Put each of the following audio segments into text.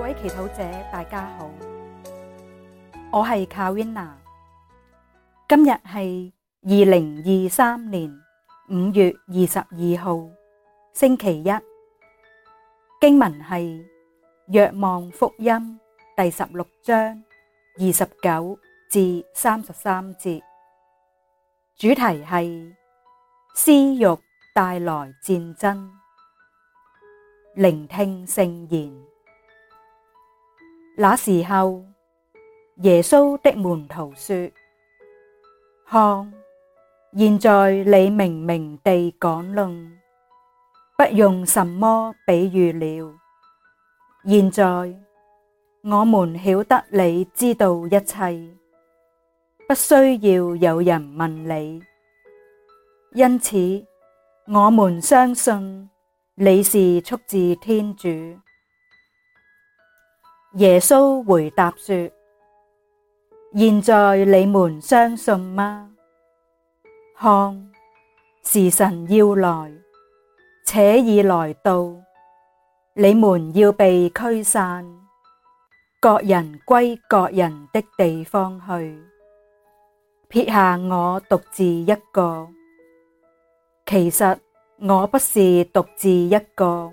各位祈禱者，大家好，我係 Carina。今日係二零二三年五月二十二號星期一，經文係《若望福音》第十六章二十九至三十三節，主題係私欲帶來戰爭，聆聽聖言。那時候，耶穌的門徒說：「看，現在你明明地講論，不用什麼比喻了。現在我們曉得你知道一切，不需要有人問你。因此，我們相信你是出自天主。耶穌回答說：現在你們相信嗎？看、嗯，時辰要來，且已來到，你們要被驅散，各人歸各人的地方去，撇下我獨自一個。其實我不是獨自一個。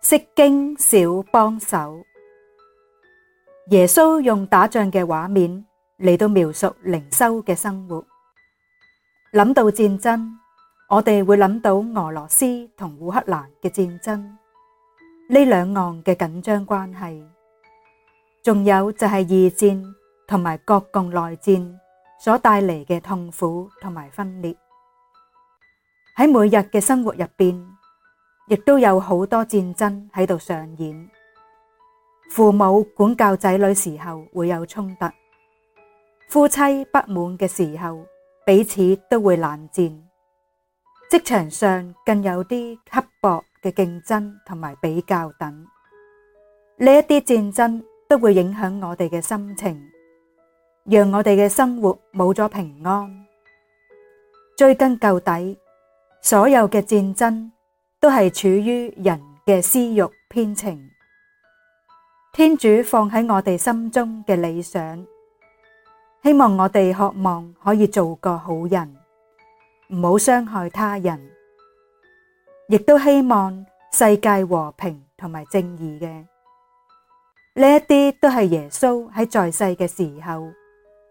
釋經小幫手，耶穌用打仗嘅畫面嚟到描述靈修嘅生活。諗到戰爭，我哋會諗到俄羅斯同烏克蘭嘅戰爭，呢兩岸嘅緊張關係，仲有就係二戰同埋國共內戰所帶嚟嘅痛苦同埋分裂。喺每日嘅生活入邊。亦都有好多戰爭喺度上演，父母管教仔女時候會有衝突，夫妻不滿嘅時候彼此都會冷戰，職場上更有啲刻薄嘅競爭同埋比較等。呢一啲戰爭都會影響我哋嘅心情，讓我哋嘅生活冇咗平安。追根究底，所有嘅戰爭。都係處於人嘅私欲偏情，天主放喺我哋心中嘅理想，希望我哋渴望可以做個好人，唔好傷害他人，亦都希望世界和平同埋正義嘅。呢一啲都係耶穌喺在，在世嘅時候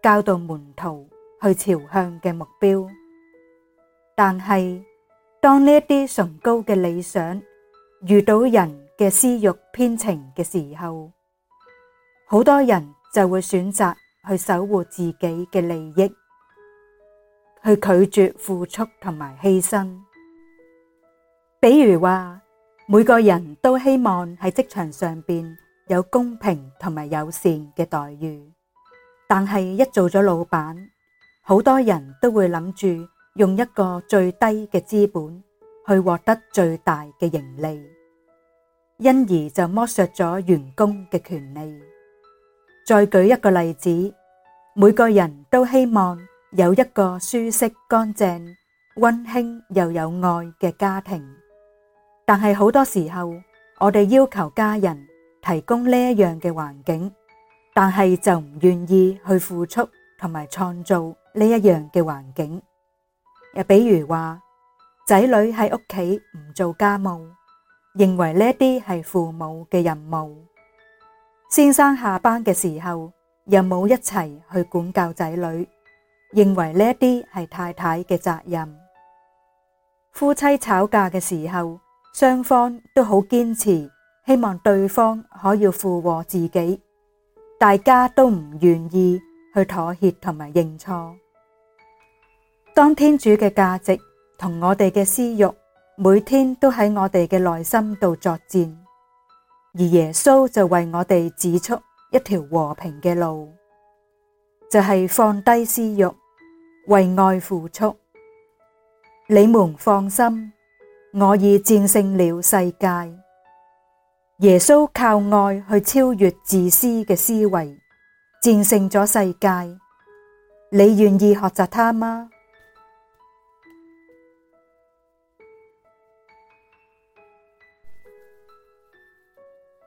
教導門徒去朝向嘅目標，但係。當呢啲崇高嘅理想遇到人嘅私欲偏情嘅時候，好多人就會選擇去守護自己嘅利益，去拒絕付出同埋犧牲。比如話，每個人都希望喺職場上邊有公平同埋友善嘅待遇，但係一做咗老闆，好多人都會諗住。用一個最低嘅資本去獲得最大嘅盈利，因而就剝削咗員工嘅權利。再舉一個例子，每個人都希望有一個舒適、乾淨、溫馨又有愛嘅家庭，但係好多時候我哋要求家人提供呢一樣嘅環境，但係就唔願意去付出同埋創造呢一樣嘅環境。又比如話，仔女喺屋企唔做家務，認為呢啲係父母嘅任務；先生下班嘅時候又冇一齊去管教仔女，認為呢啲係太太嘅責任。夫妻吵架嘅時候，雙方都好堅持，希望對方可以附和自己，大家都唔願意去妥協同埋認錯。當天主嘅價值同我哋嘅私欲，每天都喺我哋嘅內心度作戰，而耶穌就為我哋指出一條和平嘅路，就係放低私欲，為愛付出。你們放心，我已戰勝了世界。耶穌靠愛去超越自私嘅思維，戰勝咗世界。你願意學習他嗎？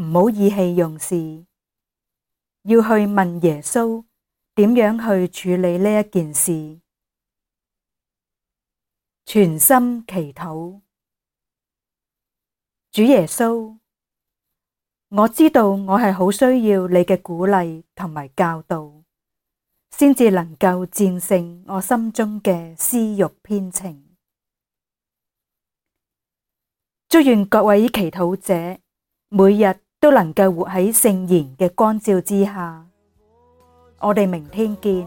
唔好意氣用事，要去問耶穌點樣去處理呢一件事，全心祈禱主耶穌。我知道我係好需要你嘅鼓勵同埋教導，先至能夠戰勝我心中嘅私欲偏情。祝願各位祈禱者每日，都能夠活喺聖言嘅光照之下，我哋明天見。